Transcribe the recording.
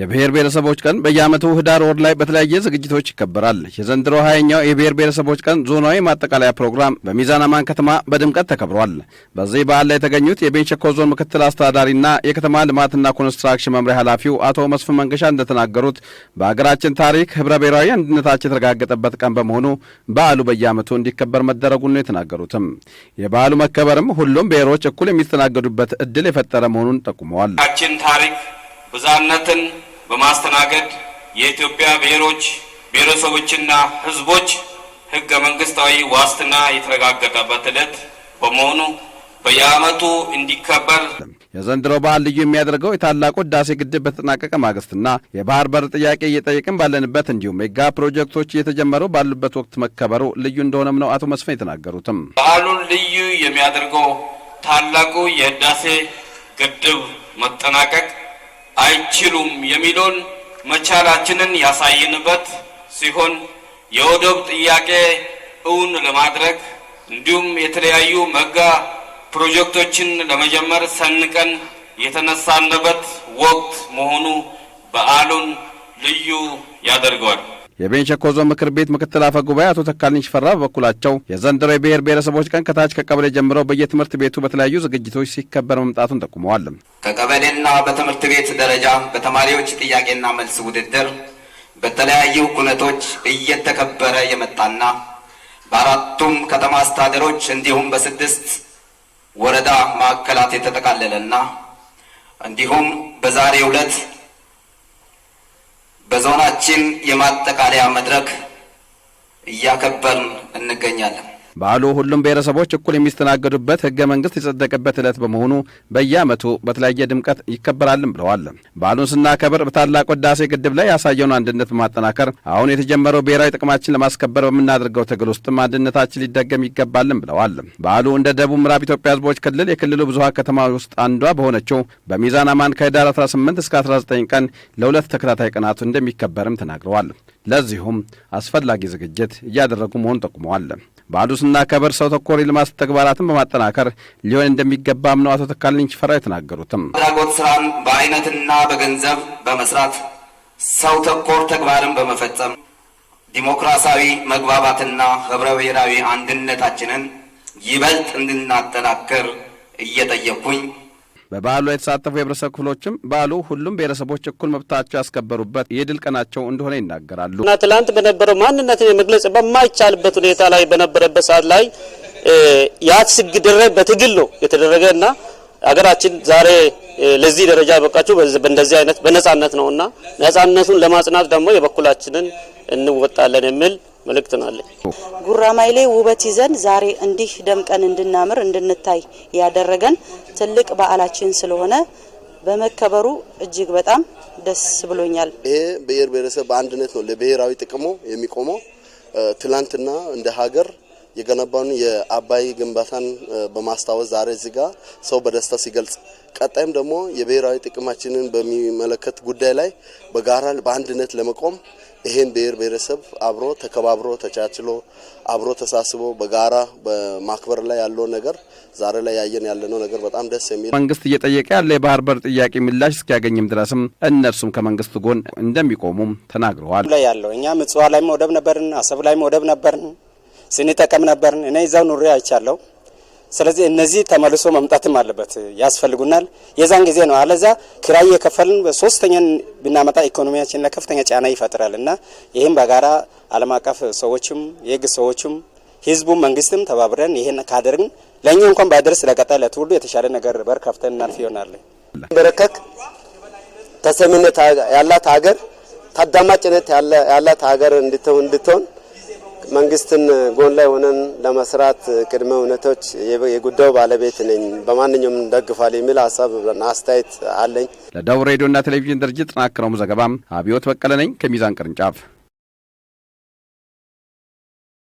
የብሔር ብሔረሰቦች ቀን በየዓመቱ ህዳር ወር ላይ በተለያየ ዝግጅቶች ይከበራል። የዘንድሮ ሀያኛው የብሔር ብሔረሰቦች ቀን ዞናዊ ማጠቃለያ ፕሮግራም በሚዛን አማን ከተማ በድምቀት ተከብሯል። በዚህ በዓል ላይ የተገኙት የቤንሸኮ ዞን ምክትል አስተዳዳሪና የከተማ ልማትና ኮንስትራክሽን መምሪያ ኃላፊው አቶ መስፍን መንገሻ እንደተናገሩት በሀገራችን ታሪክ ህብረ ብሔራዊ አንድነታችን የተረጋገጠበት ቀን በመሆኑ በዓሉ በየዓመቱ እንዲከበር መደረጉን ነው የተናገሩትም። የበዓሉ መከበርም ሁሉም ብሔሮች እኩል የሚስተናገዱበት እድል የፈጠረ መሆኑን ጠቁመዋል። ብዛነትን በማስተናገድ የኢትዮጵያ ብሔሮች ብሔረሰቦችና ህዝቦች ህገ መንግስታዊ ዋስትና የተረጋገጠበት ዕለት በመሆኑ በየአመቱ እንዲከበር የዘንድሮ በዓል ልዩ የሚያደርገው የታላቁ ህዳሴ ግድብ በተጠናቀቀ ማግስትና የባህር በር ጥያቄ እየጠየቅን ባለንበት እንዲሁም ሜጋ ፕሮጀክቶች እየተጀመሩ ባሉበት ወቅት መከበሩ ልዩ እንደሆነም ነው አቶ መስፍን የተናገሩትም። በዓሉን ልዩ የሚያደርገው ታላቁ የህዳሴ ግድብ መጠናቀቅ አይችሉም የሚለውን መቻላችንን ያሳየንበት ሲሆን የወደብ ጥያቄ እውን ለማድረግ እንዲሁም የተለያዩ መጋ ፕሮጀክቶችን ለመጀመር ሰንቀን የተነሳንበት ወቅት መሆኑ በዓሉን ልዩ ያደርገዋል። የቤንች ሸኮ ዞን ምክር ቤት ምክትል አፈ ጉባኤ አቶ ተካልኝ ሽፈራ በበኩላቸው የዘንድሮ የብሔር ብሔረሰቦች ቀን ከታች ከቀበሌ ጀምሮ በየትምህርት ቤቱ በተለያዩ ዝግጅቶች ሲከበር መምጣቱን ጠቁመዋል። ከቀበሌና በትምህርት ቤት ደረጃ በተማሪዎች ጥያቄና መልስ ውድድር በተለያዩ ኩነቶች እየተከበረ የመጣና በአራቱም ከተማ አስተዳደሮች እንዲሁም በስድስት ወረዳ ማዕከላት የተጠቃለለና እንዲሁም በዛሬ ዕለት በዞናችን የማጠቃለያ መድረክ እያከበርን እንገኛለን። በዓሉ ሁሉም ብሔረሰቦች እኩል የሚስተናገዱበት ህገ መንግስት የጸደቀበት ዕለት በመሆኑ በየዓመቱ በተለያየ ድምቀት ይከበራልም ብለዋል። በዓሉን ስናከብር በታላቅ ህዳሴ ግድብ ላይ ያሳየውን አንድነት በማጠናከር አሁን የተጀመረው ብሔራዊ ጥቅማችን ለማስከበር በምናደርገው ትግል ውስጥም አንድነታችን ሊደገም ይገባልም ብለዋል። በዓሉ እንደ ደቡብ ምዕራብ ኢትዮጵያ ህዝቦች ክልል የክልሉ ብዙሃን ከተማ ውስጥ አንዷ በሆነችው በሚዛን አማን ከህዳር 18 እስከ 19 ቀን ለሁለት ተከታታይ ቀናት እንደሚከበርም ተናግረዋል። ለዚሁም አስፈላጊ ዝግጅት እያደረጉ መሆን ጠቁመዋል። ባዱስና ከበር ሰው ተኮር የልማት ተግባራትን በማጠናከር ሊሆን እንደሚገባም ነው አቶ ተካልኝ ጭፈራው የተናገሩትም። አድራጎት ስራን በአይነትና በገንዘብ በመስራት ሰው ተኮር ተግባርን በመፈጸም ዲሞክራሲያዊ መግባባትና ህብረ ብሔራዊ አንድነታችንን ይበልጥ እንድናጠናክር እየጠየቅኩኝ በበዓሉ ላይ የተሳተፉ የህብረተሰብ ክፍሎችም በዓሉ ሁሉም ብሔረሰቦች እኩል መብታቸው ያስከበሩበት የድል ቀናቸው እንደሆነ ይናገራሉ እና ትላንት በነበረው ማንነትን የመግለጽ በማይቻልበት ሁኔታ ላይ በነበረበት ሰዓት ላይ ያት በትግል ነው የተደረገ እና ሀገራችን ዛሬ ለዚህ ደረጃ ያበቃችሁ በእንደዚህ አይነት በነጻነት እና ነጻነቱን ለማጽናት ደግሞ የበኩላችንን እንወጣለን የሚል መልእክት ናለኝ። ጉራማይሌ ውበት ይዘን ዛሬ እንዲህ ደምቀን እንድናምር እንድንታይ ያደረገን ትልቅ በዓላችን ስለሆነ በመከበሩ እጅግ በጣም ደስ ብሎኛል። ይሄ ብሔር ብሔረሰብ በአንድነት ነው ለብሔራዊ ጥቅሙ የሚቆመው። ትላንትና እንደ ሀገር የገነባውን የአባይ ግንባታን በማስታወስ ዛሬ እዚህ ጋር ሰው በደስታ ሲገልጽ፣ ቀጣይም ደግሞ የብሔራዊ ጥቅማችንን በሚመለከት ጉዳይ ላይ በጋራ በአንድነት ለመቆም ይሄን ብሔር ብሔረሰብ አብሮ ተከባብሮ ተቻችሎ አብሮ ተሳስቦ በጋራ በማክበር ላይ ያለው ነገር ዛሬ ላይ ያየን ያለነው ነገር በጣም ደስ የሚል መንግስት እየጠየቀ ያለ የባህር በር ጥያቄ ምላሽ እስኪያገኝም ድረስም እነርሱም ከመንግስት ጎን እንደሚቆሙም ተናግረዋል። ላይ ያለው እኛ ምጽዋ ላይም ወደብ ነበርን፣ አሰብ ላይም ወደብ ነበርን፣ ስንጠቀም ነበርን። እኔ እዛው ኑሬ አይቻለሁ። ስለዚህ እነዚህ ተመልሶ መምጣትም አለበት ያስፈልጉናል። የዛን ጊዜ ነው አለዛ ክራይ የከፈልን በሶስተኛን ብናመጣ ኢኮኖሚያችን ለከፍተኛ ጫና ይፈጥራል እና ይህም በጋራ ዓለም አቀፍ ሰዎችም የህግ ሰዎችም ህዝቡ መንግስትም ተባብረን ይህን ካደርግን ለእኛ እንኳን ባይደርስ ለቀጣይ ለትውልዱ የተሻለ ነገር በር ከፍተን እናልፍ ይሆናል። በረከክ ተሰሚነት ያላት ሀገር ታዳማጭነት ያላት ሀገር እንድትሆን መንግስትን ጎን ላይ ሆነን ለመስራት ቅድመ እውነቶች የጉዳዩ ባለቤት ነኝ፣ በማንኛውም እንደግፋል የሚል ሀሳብ አስተያየት አለኝ። ለደቡብ ሬዲዮና ቴሌቪዥን ድርጅት ጥናክረውም ዘገባም አብዮት በቀለ ነኝ ከሚዛን ቅርንጫፍ